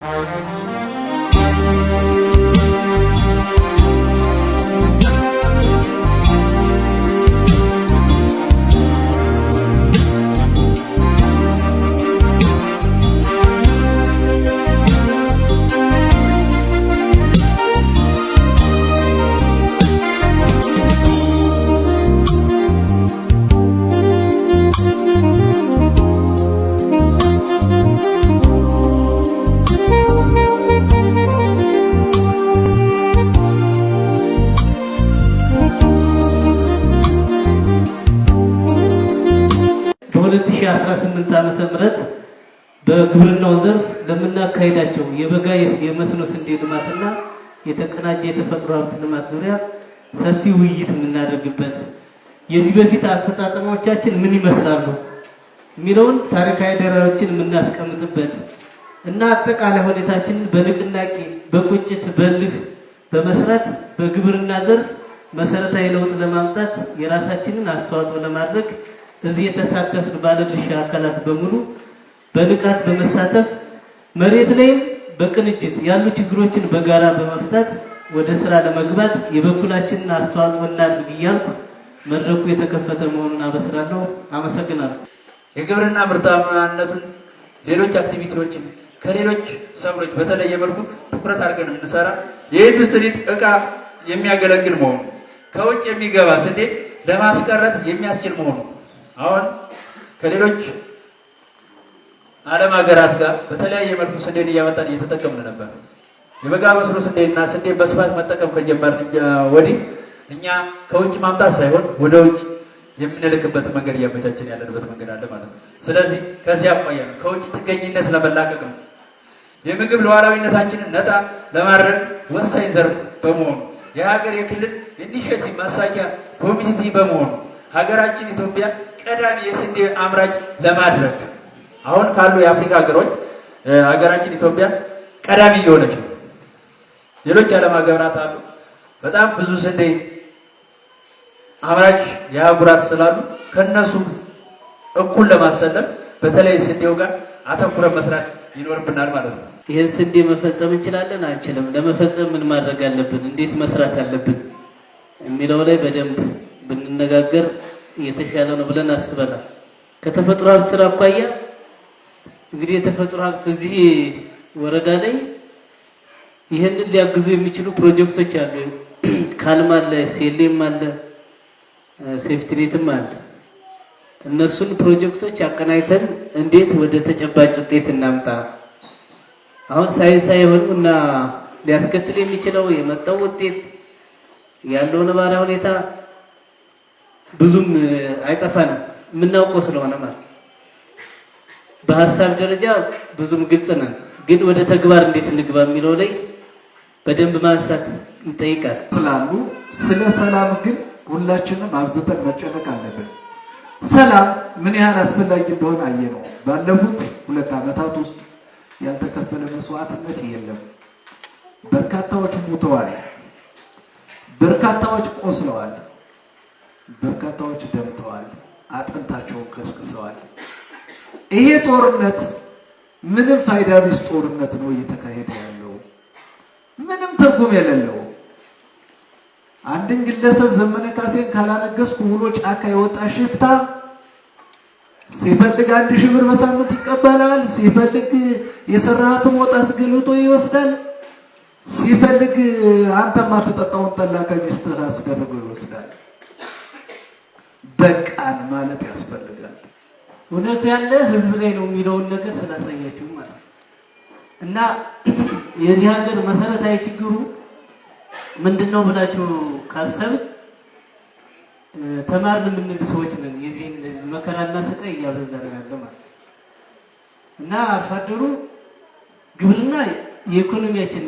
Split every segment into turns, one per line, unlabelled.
Música በ2018 ዓመተ ምህረት በግብርናው ዘርፍ ለምናካሄዳቸው የበጋ የመስኖ ስንዴ ልማትና የተቀናጀ የተፈጥሮ ሀብት ልማት ዙሪያ ሰፊ ውይይት የምናደርግበት የዚህ በፊት አፈጻጸማዎቻችን ምን ይመስላሉ የሚለውን ታሪካዊ ዳራዎችን የምናስቀምጥበት እና አጠቃላይ ሁኔታችንን በንቅናቄ፣ በቁጭት፣ በልህ በመስራት በግብርና ዘርፍ መሰረታዊ ለውጥ ለማምጣት የራሳችንን አስተዋጽኦ ለማድረግ እዚህ የተሳተፍን ባለድርሻ አካላት በሙሉ በንቃት በመሳተፍ መሬት ላይም በቅንጅት ያሉ ችግሮችን በጋራ በመፍታት ወደ ስራ ለመግባት የበኩላችንን አስተዋጽኦ እናድርግ እያልኩ መድረኩ የተከፈተ መሆኑን አበስራለሁ። አመሰግናለሁ።
የግብርና ምርታማነትን ሌሎች አክቲቪቲዎችን ከሌሎች ሰብሎች በተለየ መልኩ ትኩረት አድርገን እንሰራ የኢንዱስትሪ እቃ የሚያገለግል መሆኑ ከውጭ የሚገባ ስንዴ ለማስቀረት የሚያስችል መሆኑ አሁን ከሌሎች ዓለም ሀገራት ጋር በተለያየ መልኩ ስንዴን እያመጣን እየተጠቀምን ነበር። የበጋ መስኖ ስንዴና ስንዴን በስፋት መጠቀም ከጀመርን ወዲህ እኛ ከውጭ ማምጣት ሳይሆን ወደ ውጭ የምንልክበት መንገድ እያመቻችን ያለንበት መንገድ አለ ማለት ነው። ስለዚህ ከዚህ አኳያ ከውጭ ጥገኝነት ለመላቀቅ ነው። የምግብ ሉዓላዊነታችንን ነጣ ለማድረግ ወሳኝ ዘርፍ በመሆኑ የሀገር የክልል ኢኒሽቲቭ ማሳኪያ ኮሚኒቲ በመሆኑ ሀገራችን ኢትዮጵያ ቀዳሚ የስንዴ አምራች ለማድረግ አሁን ካሉ የአፍሪካ ሀገሮች ሀገራችን ኢትዮጵያ ቀዳሚ እየሆነች ነው። ሌሎች የዓለም ሀገራት አሉ በጣም ብዙ ስንዴ አምራች የአህጉራት ስላሉ ከነሱ እኩል ለማሰለፍ በተለይ ስንዴው ጋር አተኩረን መስራት ይኖርብናል ማለት ነው።
ይህን ስንዴ መፈጸም እንችላለን አንችልም፣ ለመፈጸም ምን ማድረግ አለብን፣ እንዴት መስራት አለብን የሚለው ላይ በደንብ ብንነጋገር የተሻለ ነው ብለን አስበናል። ከተፈጥሮ ሀብት ስራ አኳያ እንግዲህ የተፈጥሮ ሀብት እዚህ ወረዳ ላይ ይህንን ሊያግዙ የሚችሉ ፕሮጀክቶች አሉ። ካልም አለ፣ ሴሌም አለ፣ ሴፍቲኔትም አለ። እነሱን ፕሮጀክቶች አቀናጅተን እንዴት ወደ ተጨባጭ ውጤት እናምጣ። አሁን ሳይንሳዊ የሆኑ እና ሊያስከትል የሚችለው የመጣው ውጤት ያለው ነባራዊ ሁኔታ ብዙም አይጠፋንም የምናውቀው ስለሆነ ማለት በሀሳብ ደረጃ ብዙም ግልጽ ነን፣ ግን ወደ ተግባር እንዴት እንግባ የሚለው ላይ በደንብ ማንሳት እንጠይቃል
ስላሉ ስለ ሰላም ግን ሁላችንም አብዝተን መጨነቅ አለብን። ሰላም ምን ያህል አስፈላጊ እንደሆነ ነው ባለፉት ሁለት ዓመታት ውስጥ ያልተከፈለ መስዋዕትነት የለም። በርካታዎች ሙተዋል። በርካታዎች ቆስለዋል። በርካታዎች ደምተዋል፣ አጥንታቸውን ከስክሰዋል። ይሄ ጦርነት ምንም ፋይዳ ቢስ ጦርነት ነው እየተካሄደ ያለው ምንም ትርጉም የሌለው አንድን ግለሰብ ዘመነ ካሴን ካላነገስኩ ብሎ ጫካ የወጣ ሽፍታ ሲፈልግ አንድ ሺህ ብር በሳምንት ይቀበላል። ሲፈልግ የሰራሃትን ወጣ ገልብጦ ይወስዳል። ሲፈልግ አንተማ ተጠጣውን ጠላ ከሚስትህ አስገርጎ ይወስዳል። በቃን ማለት ያስፈልጋል።
እውነቱ ያለ ህዝብ ላይ ነው የሚለውን ነገር ስላሳያችሁ ማለት ነው። እና የዚህ ሀገር መሰረታዊ ችግሩ ምንድን ነው ብላችሁ ካሰብን ተማርን የምንል ሰዎች ነን። የዚህን ህዝብ መከራና ስቃይ እያበዛን ያለ ማለት እና አርሶ አደሩ ግብርና የኢኮኖሚያችን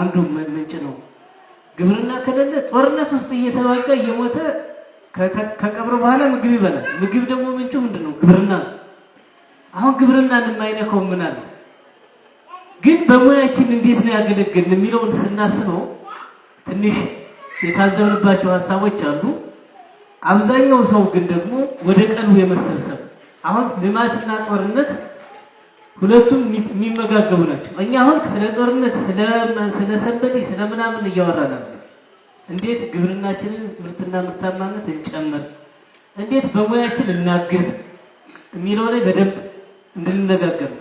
አንዱ ምንጭ ነው። ግብርና ከሌለ ጦርነት ውስጥ እየተዋጋ እየሞተ ከቀብር በኋላ ምግብ ይበላል። ምግብ ደግሞ ምንጩ ምንድን ነው? ግብርና አሁን ግብርናን የማይነካው ምን አለ? ግን በሙያችን እንዴት ነው ያገለግልን የሚለውን ስናስበው ትንሽ የታዘብንባቸው ሀሳቦች አሉ። አብዛኛው ሰው ግን ደግሞ ወደ ቀልቡ የመሰብሰብ አሁን ልማትና ጦርነት ሁለቱም የሚመጋገቡ ናቸው። እኛ አሁን ስለ ጦርነት ስለ ሰንበቴ ስለ ምናምን እያወራናል እንዴት ግብርናችንን ምርትና ምርታማነት እንጨምር፣ እንዴት በሙያችን እናግዝ የሚለው ላይ በደንብ እንድንነጋገር